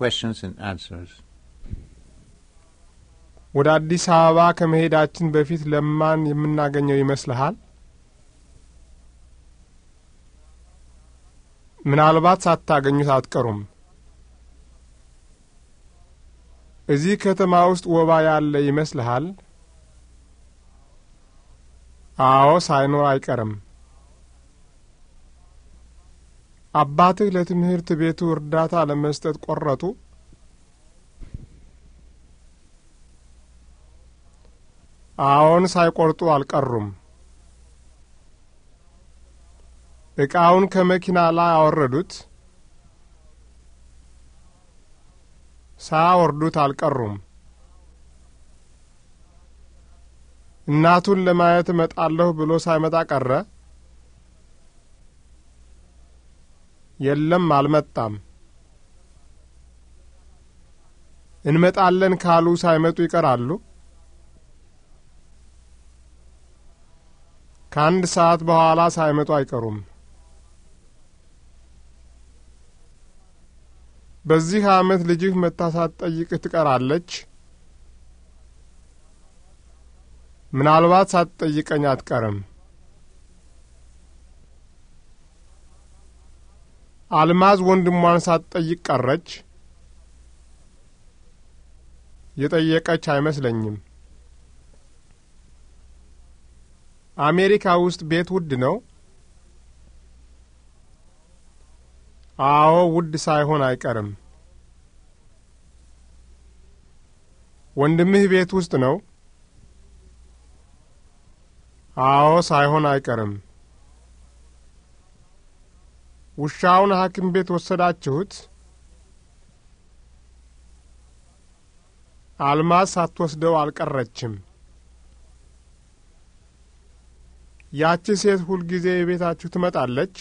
questions and answers. ወደ አዲስ አበባ ከመሄዳችን በፊት ለማን የምናገኘው ይመስልሃል? ምናልባት ሳታገኙት አትቀሩም። እዚህ ከተማ ውስጥ ወባ ያለ ይመስልሃል? አዎ፣ ሳይኖር አይቀርም። አባትህ ለትምህርት ቤቱ እርዳታ ለመስጠት ቆረጡ? አዎን፣ ሳይቆርጡ አልቀሩም። ዕቃውን ከመኪና ላይ አወረዱት? ሳያወርዱት አልቀሩም። እናቱን ለማየት እመጣለሁ ብሎ ሳይመጣ ቀረ? የለም አልመጣም። እንመጣለን ካሉ ሳይመጡ ይቀራሉ። ከአንድ ሰዓት በኋላ ሳይመጡ አይቀሩም። በዚህ ዓመት ልጅህ መጥታ ሳትጠይቅህ ትቀራለች። ምናልባት ሳትጠይቀኝ አትቀርም። አልማዝ ወንድሟን ሳትጠይቅ ቀረች? የጠየቀች አይመስለኝም። አሜሪካ ውስጥ ቤት ውድ ነው? አዎ፣ ውድ ሳይሆን አይቀርም። ወንድምህ ቤት ውስጥ ነው? አዎ፣ ሳይሆን አይቀርም። ውሻውን ሐኪም ቤት ወሰዳችሁት? አልማዝ ሳትወስደው አልቀረችም። ያቺ ሴት ሁልጊዜ የቤታችሁ ትመጣለች?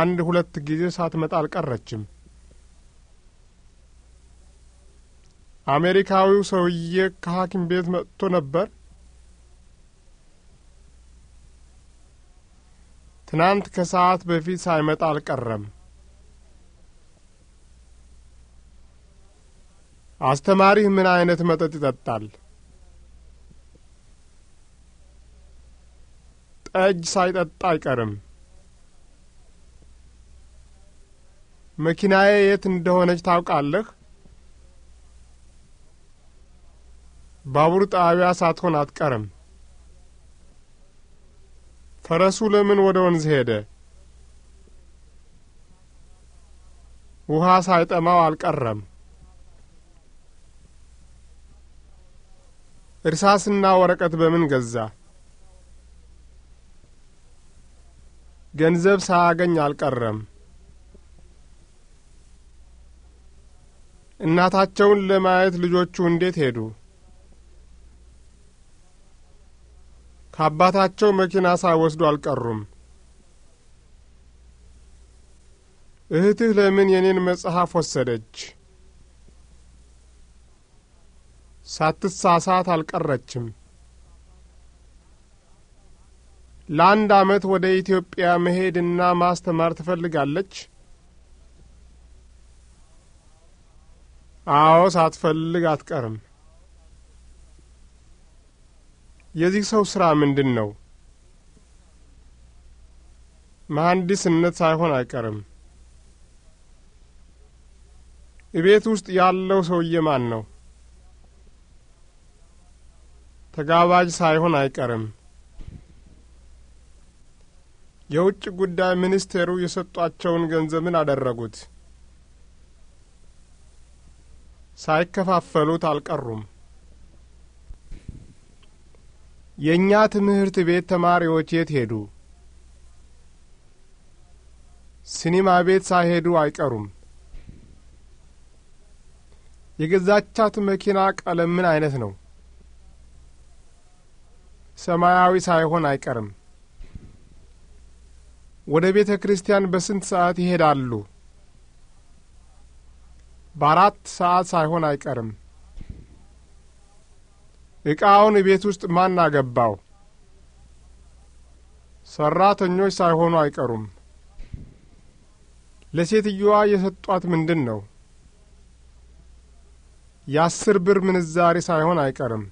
አንድ ሁለት ጊዜ ሳትመጣ አልቀረችም። አሜሪካዊው ሰውዬ ከሐኪም ቤት መጥቶ ነበር? ትናንት ከሰዓት በፊት ሳይመጣ አልቀረም። አስተማሪህ ምን አይነት መጠጥ ይጠጣል? ጠጅ ሳይጠጣ አይቀርም። መኪናዬ የት እንደሆነች ታውቃለህ? ባቡር ጣቢያ ሳትሆን አትቀርም። ፈረሱ ለምን ወደ ወንዝ ሄደ? ውሃ ሳይጠማው አልቀረም። እርሳስና ወረቀት በምን ገዛ? ገንዘብ ሳያገኝ አልቀረም። እናታቸውን ለማየት ልጆቹ እንዴት ሄዱ? ከአባታቸው መኪና ሳይወስዱ አልቀሩም። እህትህ ለምን የኔን መጽሐፍ ወሰደች? ሳትሳሳት አልቀረችም። ለአንድ ዓመት ወደ ኢትዮጵያ መሄድና ማስተማር ትፈልጋለች? አዎ፣ ሳትፈልግ አትቀርም። የዚህ ሰው ስራ ምንድን ነው? መሐንዲስነት ሳይሆን አይቀርም። እቤት ውስጥ ያለው ሰውዬ ማን ነው? ተጋባዥ ሳይሆን አይቀርም። የውጭ ጉዳይ ሚኒስቴሩ የሰጧቸውን ገንዘብ ምን አደረጉት? ሳይከፋፈሉት አልቀሩም። የእኛ ትምህርት ቤት ተማሪዎች የት ሄዱ? ሲኒማ ቤት ሳይሄዱ አይቀሩም። የገዛቻት መኪና ቀለም ምን አይነት ነው? ሰማያዊ ሳይሆን አይቀርም። ወደ ቤተ ክርስቲያን በስንት ሰዓት ይሄዳሉ? በአራት ሰዓት ሳይሆን አይቀርም። ዕቃውን ቤት ውስጥ ማን አገባው? ሰራተኞች ሳይሆኑ አይቀሩም። ለሴትዮዋ የሰጧት ምንድን ነው? የአስር ብር ምንዛሬ ሳይሆን አይቀርም።